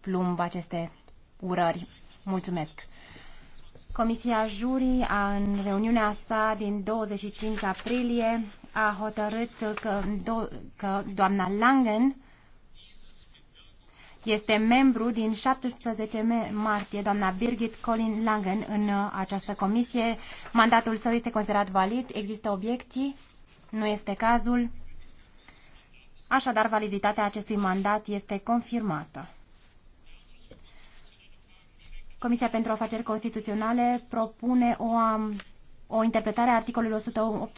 plumb aceste urări. Mulțumesc! Comisia Jurii, a, în reuniunea sa din 25 aprilie, a hotărât că, do, că doamna Langen este membru din 17 martie, doamna Birgit Colin Langen, în uh, această comisie. Mandatul său este considerat valid. Există obiecții? Nu este cazul. Așadar, validitatea acestui mandat este confirmată. Comisia pentru Afaceri Constituționale propune o, o interpretare a articolului